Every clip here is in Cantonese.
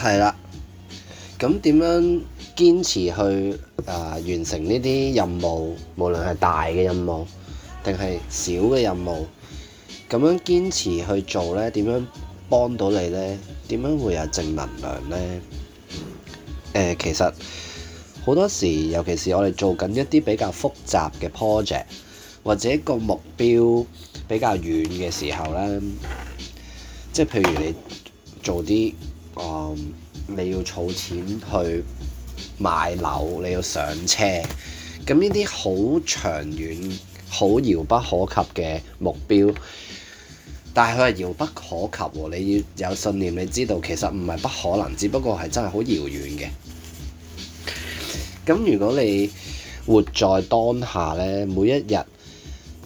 係啦，咁點樣堅持去誒、呃、完成呢啲任務，無論係大嘅任務定係小嘅任務，咁樣堅持去做呢？點樣幫到你呢？點樣會有正能量呢？呃、其實好多時，尤其是我哋做緊一啲比較複雜嘅 project，或者個目標比較遠嘅時候呢，即係譬如你做啲。Um，你要儲錢去買樓，你要上車，咁呢啲好長遠、好遙不可及嘅目標，但係佢係遙不可及喎。你要有信念，你知道其實唔係不可能，只不過係真係好遙遠嘅。咁如果你活在當下呢，每一日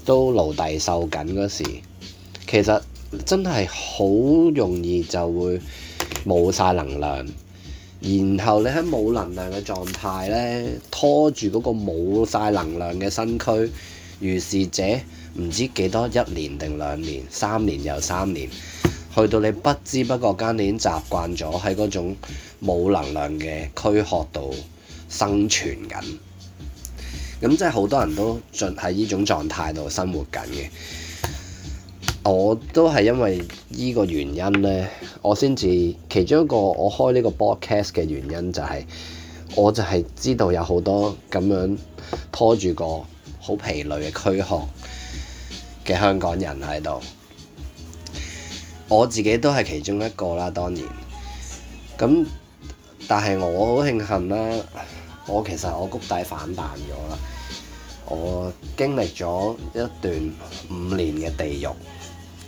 都奴隸受緊嗰時，其實真係好容易就會。冇晒能量，然後你喺冇能量嘅狀態呢，拖住嗰個冇晒能量嘅身軀，如是者唔知幾多一年定兩年、三年又三年，去到你不知不覺間已經習慣咗喺嗰種冇能量嘅軀殼度生存緊。咁即係好多人都盡喺呢種狀態度生活緊嘅。我都係因為呢個原因呢，我先至其中一個我開呢個 broadcast 嘅原因就係，我就係知道有好多咁樣拖住個好疲累嘅軀殼嘅香港人喺度，我自己都係其中一個啦。當然，咁但係我好慶幸啦，我其實我谷底反彈咗啦，我經歷咗一段五年嘅地獄。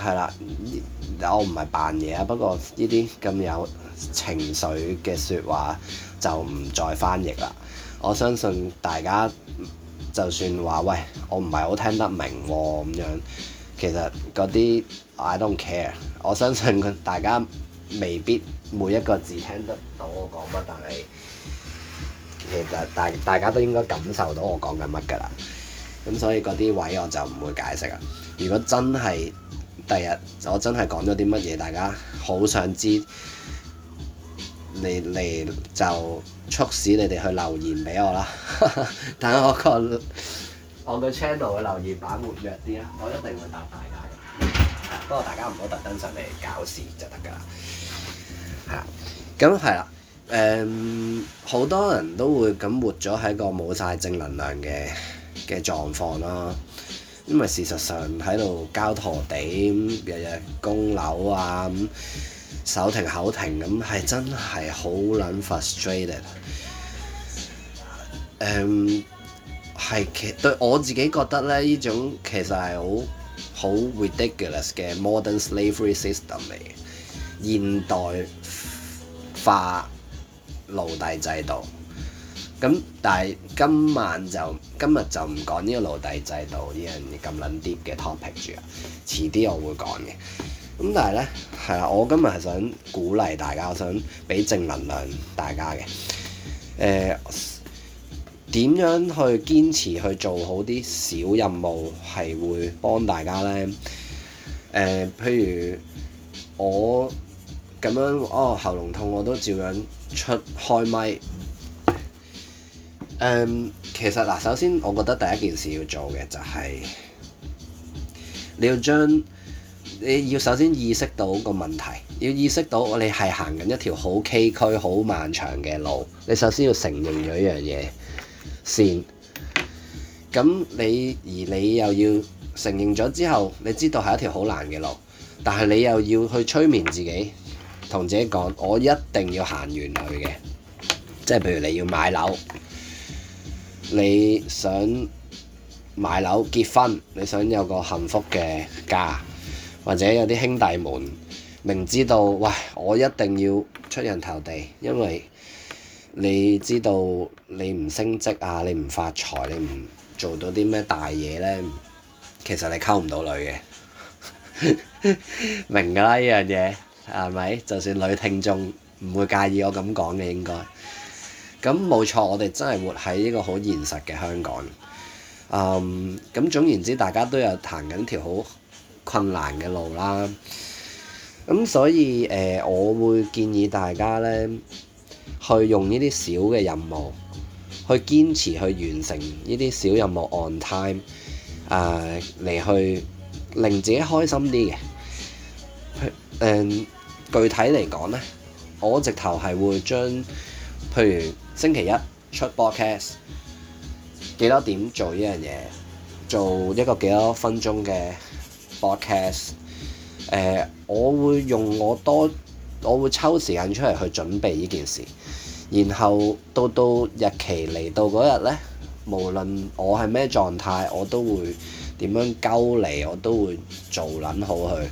係啦，我唔係扮嘢啊。不過呢啲咁有情緒嘅説話就唔再翻譯啦。我相信大家就算話喂，我唔係好聽得明咁，啊、樣，其實嗰啲 I don't care。我相信大家未必每一個字聽得到我講乜，但係其實大大家都應該感受到我講緊乜㗎啦。咁所以嗰啲位我就唔會解釋啦。如果真係，第日我真係講咗啲乜嘢，大家好想知，嚟嚟就促使你哋去留言俾我啦。等我個，我個 channel 嘅留言板活躍啲啦，我一定會答大家嘅，不過大家唔好特登上嚟搞事就得㗎啦。係啦、啊，咁係啦，誒好多人都會咁活咗喺個冇晒正能量嘅嘅狀況啦。因為事實上喺度交陀地咁，日日供樓啊咁，手停口停咁，係真係好撚 frustrated。誒、嗯，係其對我自己覺得咧，呢種其實係好好 ridiculous 嘅 modern slavery system 嚟嘅，現代化奴隸制度。咁但係今晚就今日就唔講呢個奴隸制度呢樣咁撚啲嘅 topic 住，遲啲我會講嘅。咁但係咧係啦，我今日係想鼓勵大家，我想俾正能量大家嘅。誒、呃、點樣去堅持去做好啲小任務係會幫大家咧？誒、呃、譬如我咁樣，哦喉嚨痛我都照樣出開咪。嗯、其實嗱，首先我覺得第一件事要做嘅就係你要將你要首先意識到個問題，要意識到我哋係行緊一條好崎嶇、好漫長嘅路。你首先要承認咗一樣嘢，先。咁你而你又要承認咗之後，你知道係一條好難嘅路，但係你又要去催眠自己，同自己講：我一定要行完去嘅。即係譬如你要買樓。你想買樓結婚，你想有個幸福嘅家，或者有啲兄弟們明知道，喂，我一定要出人頭地，因為你知道你唔升職啊，你唔發財，你唔做到啲咩大嘢呢，其實你溝唔到女嘅， 明㗎啦，呢樣嘢，係咪？就算女聽眾唔會介意我咁講嘅應該。咁冇錯，我哋真係活喺一個好現實嘅香港。嗯，咁總言之，大家都有行緊條好困難嘅路啦。咁、嗯、所以誒、呃，我會建議大家呢，去用呢啲小嘅任務，去堅持去完成呢啲小任務 on time，誒、呃、嚟去令自己開心啲嘅、呃。具體嚟講呢，我直頭係會將譬如～星期一出 broadcast，幾多點做依樣嘢？做一個幾多分鐘嘅 broadcast，呃，我會用我多，我會抽時間出嚟去準備呢件事。然後到到日期嚟到嗰日呢，無論我係咩狀態，我都會點樣鳩你，我都會做撚好去。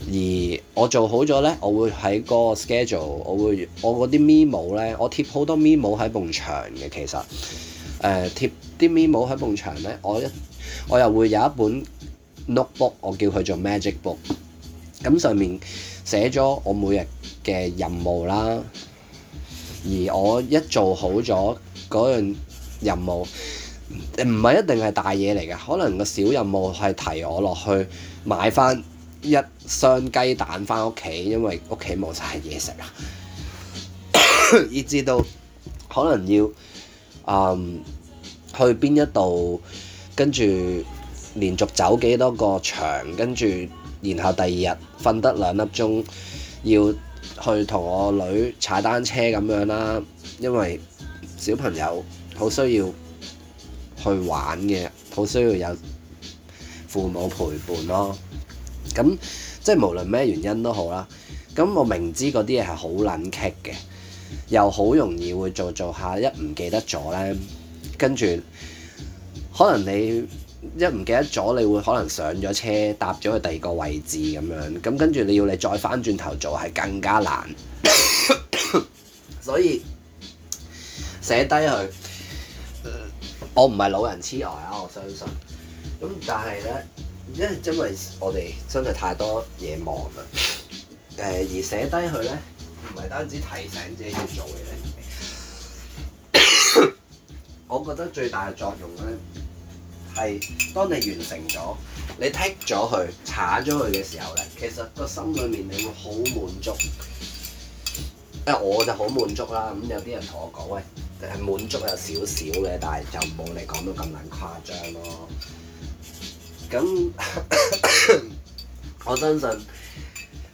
而我做好咗呢，我會喺嗰個 schedule，我會我嗰啲 memo 咧，我貼好 mem 多 memo 喺埲牆嘅，其實誒貼啲 memo 喺埲牆呢，我一我又會有一本 notebook，我叫佢做 magic book，咁上面寫咗我每日嘅任務啦。而我一做好咗嗰樣任務，唔唔係一定係大嘢嚟嘅，可能個小任務係提我落去買翻。一箱雞蛋返屋企，因為屋企冇晒嘢食啊， 以至到可能要、嗯、去邊一度，跟住連續走幾多個場，跟住然後第二日瞓得兩粒鐘，要去同我女踩單車咁樣啦，因為小朋友好需要去玩嘅，好需要有父母陪伴咯。咁即係無論咩原因都好啦，咁我明知嗰啲嘢係好卵棘嘅，又好容易會做做一下一唔記得咗呢，跟住可能你一唔記得咗，你會可能上咗車搭咗去第二個位置咁樣，咁跟住你要你再翻轉頭做係更加難， 所以寫低佢，我唔係老人痴呆、呃、啊，我相信，咁但係呢。因為因為我哋真係太多嘢忙啦，誒、呃、而寫低佢咧，唔係單止提醒自己要做嘢咧， 我覺得最大嘅作用咧係當你完成咗，你剔咗佢、查咗佢嘅時候咧，其實個心裏面你會好滿足，因為我就好滿足啦。咁有啲人同我講，喂，係、就係、滿足有少少嘅，但係就冇你講到咁難誇張咯。咁那 我相信，誒、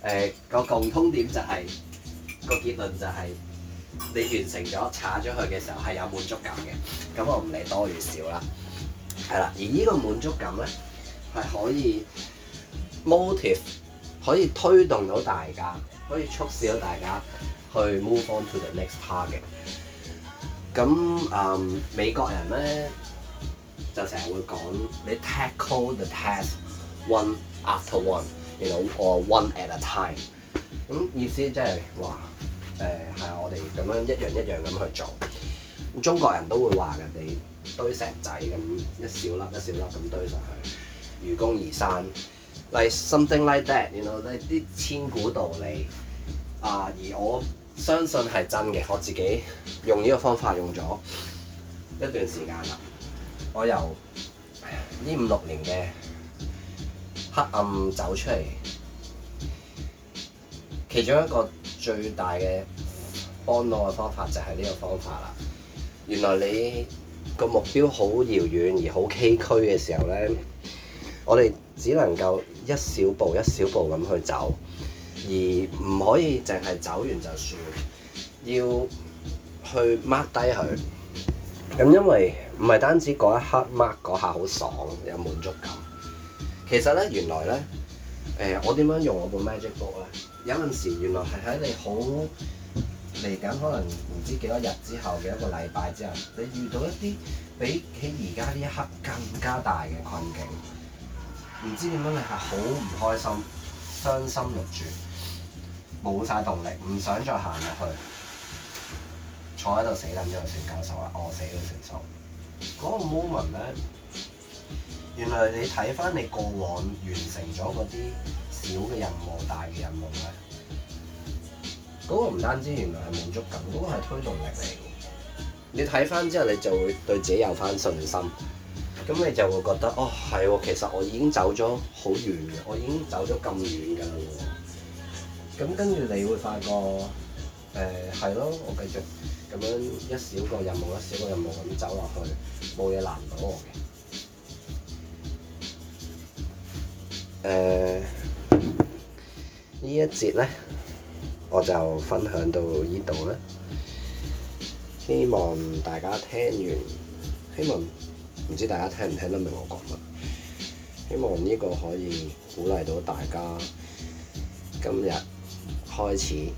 呃、個共通點就係、是、個結論就係、是、你完成咗查咗佢嘅時候係有滿足感嘅，咁我唔理多與少啦，係啦，而呢個滿足感咧係可以 motif 可以推動到大家，可以促使到大家去 move on to the next target。咁啊、嗯、美國人咧？就成日會講你 tackle the task one after one，你 know or one at a time。咁意思即係話誒係我哋咁樣一樣一樣咁去做。中國人都會話人哋堆石仔咁一小粒一小粒咁堆上去，愚公移山。例如 like something like that，你 know 咧啲千古道理啊。而我相信係真嘅，我自己用呢個方法用咗一段時間啦。我由呢五六年嘅黑暗走出嚟，其中一個最大嘅幫我嘅方法就係呢個方法啦。原來你個目標好遙遠而好崎嶇嘅時候呢，我哋只能夠一小步一小步咁去走，而唔可以淨係走完就算，要去 mark 低佢。咁因為唔係單止嗰一刻 mark 嗰下好爽有滿足感，其實咧原來咧，誒我點樣用我部 magic book 啊？有陣時原來係喺你好嚟緊，可能唔知幾多日之後嘅一個禮拜之後，你遇到一啲比起而家呢一刻更加大嘅困境，唔知點樣你係好唔開心、傷心欲絕，冇晒動力，唔想再行入去。坐喺度死諗，因為成教授啊，餓死都成受。嗰個 moment 咧，原來你睇翻你過往完成咗嗰啲小嘅任務、大嘅任務咧，嗰個唔單止原來係滿足感，嗰個係推動力嚟嘅。你睇翻之後，你就會對自己有翻信心。咁你就會覺得：哦，係喎，其實我已經走咗好遠嘅，我已經走咗咁遠㗎喎。咁跟住你會發覺。誒係咯，我繼續咁樣一小個任務，一小個任務咁走落去，冇嘢難到我嘅。呢、呃、一節呢，我就分享到呢度啦。希望大家聽完，希望唔知大家聽唔聽得明我講乜。希望呢個可以鼓勵到大家，今日開始。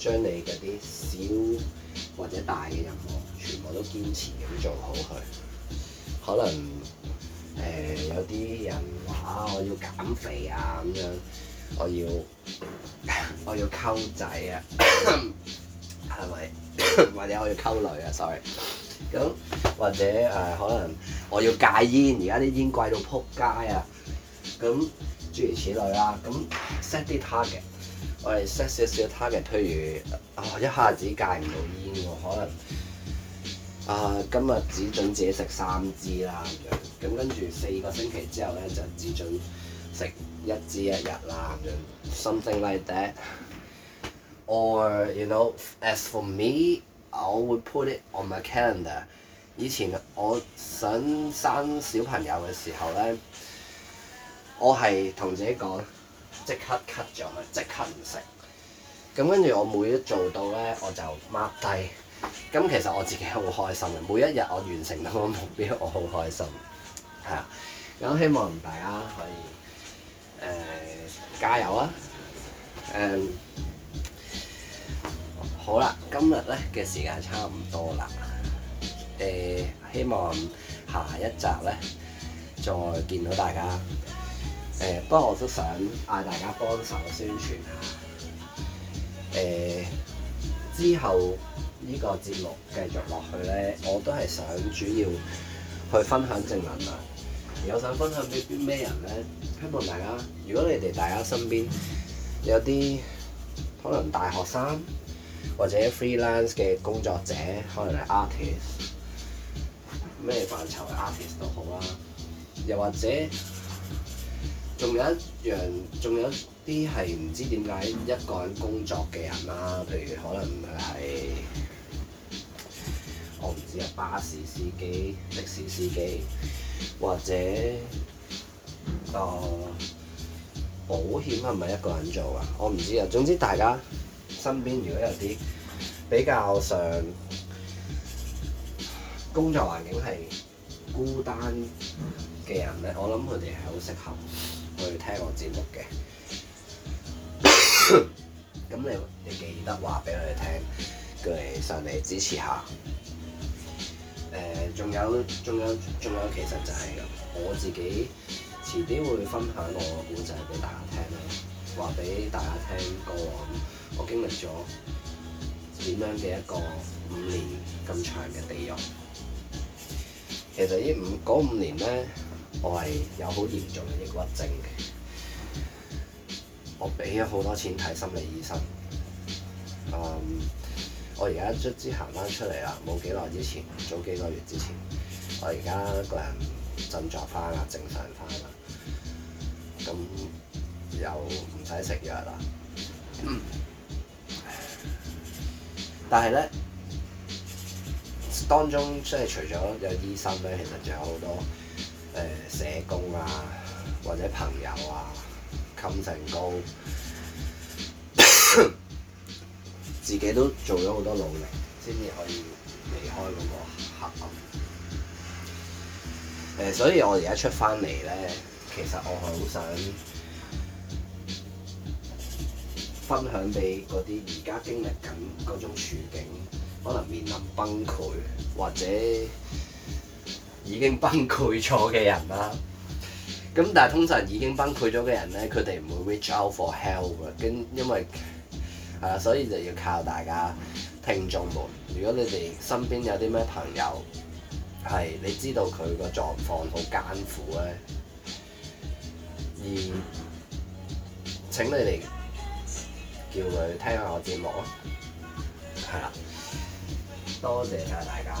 將你嗰啲小或者大嘅任務，全部都堅持咁做好佢。可能誒、呃、有啲人話我要減肥啊咁樣，我要我要溝仔啊，係咪？ 或者我要溝女啊，sorry。咁或者誒、呃、可能我要戒煙，而家啲煙貴到撲街啊。咁諸如此類啦、啊。咁 set 啲 target。我哋 set 少少 target，譬如啊，一下子戒唔到煙喎，可能啊、呃，今日只准自己食三支啦咁樣，咁跟住四個星期之後咧就只准食一支一日啦咁樣。Something like that, or you know, as for me, I would put it on my calendar。以前我想生小朋友嘅時候咧，我係同自己講。即刻 cut 咗咪，即刻唔食。咁跟住我每一做到咧，我就 mark 低。咁其實我自己好開心嘅，每一日我完成到個目標，我好開心。係啊，咁希望大家可以誒、呃、加油啊！誒、呃、好啦，今日咧嘅時間差唔多啦。誒、呃、希望下一集咧再見到大家。誒、呃、不過我都想嗌大家幫手宣傳下，誒、呃、之後呢個節目繼續落去咧，我都係想主要去分享正能量。而我想分享俾邊咩人咧？希望大家，如果你哋大家身邊有啲可能大學生或者 freelance 嘅工作者，可能係 artist，咩範疇嘅 artist 都好啦，又或者。仲有一樣，仲有啲係唔知點解一個人工作嘅人啦。譬如可能係我唔知啊，巴士司機、的士司機或者個、啊、保險係咪一個人做啊？我唔知啊。總之大家身邊如果有啲比較上工作環境係孤單嘅人咧，我諗佢哋係好適合。去聽我節目嘅， 咁你你記得話俾佢哋聽，叫佢嚟上嚟支持下。誒、呃，仲有仲有仲有，有有其實就係我自己，遲啲會分享我故仔俾大家聽咯，話俾大家聽，大家聽過往我經歷咗點樣嘅一個五年咁長嘅地獄。其實呢五五年咧。我係有好嚴重嘅抑鬱症嘅，我俾咗好多錢睇心理醫生。嗯。我而家卒之行翻出嚟啦，冇幾耐之前，早幾個月之前，我而家個人振作翻啦，正常翻啦。咁又唔使食藥啦。嗯。但係咧，當中即係除咗有醫生咧，其實仲有好多。誒、呃、社工啊，或者朋友啊，冚成高， 自己都做咗好多努力，先至可以離開嗰個黑暗，呃。所以我而家出翻嚟呢，其實我好想分享俾嗰啲而家經歷緊嗰種處境，可能面臨崩潰或者。已經崩潰咗嘅人啦，咁但係通常已經崩潰咗嘅人呢，佢哋唔會 reach out for help 嘅，因為係啦，所以就要靠大家聽眾們。如果你哋身邊有啲咩朋友係你知道佢個狀況好艱苦咧，而請你哋叫佢聽下我節目咯，係啦，多謝曬大家。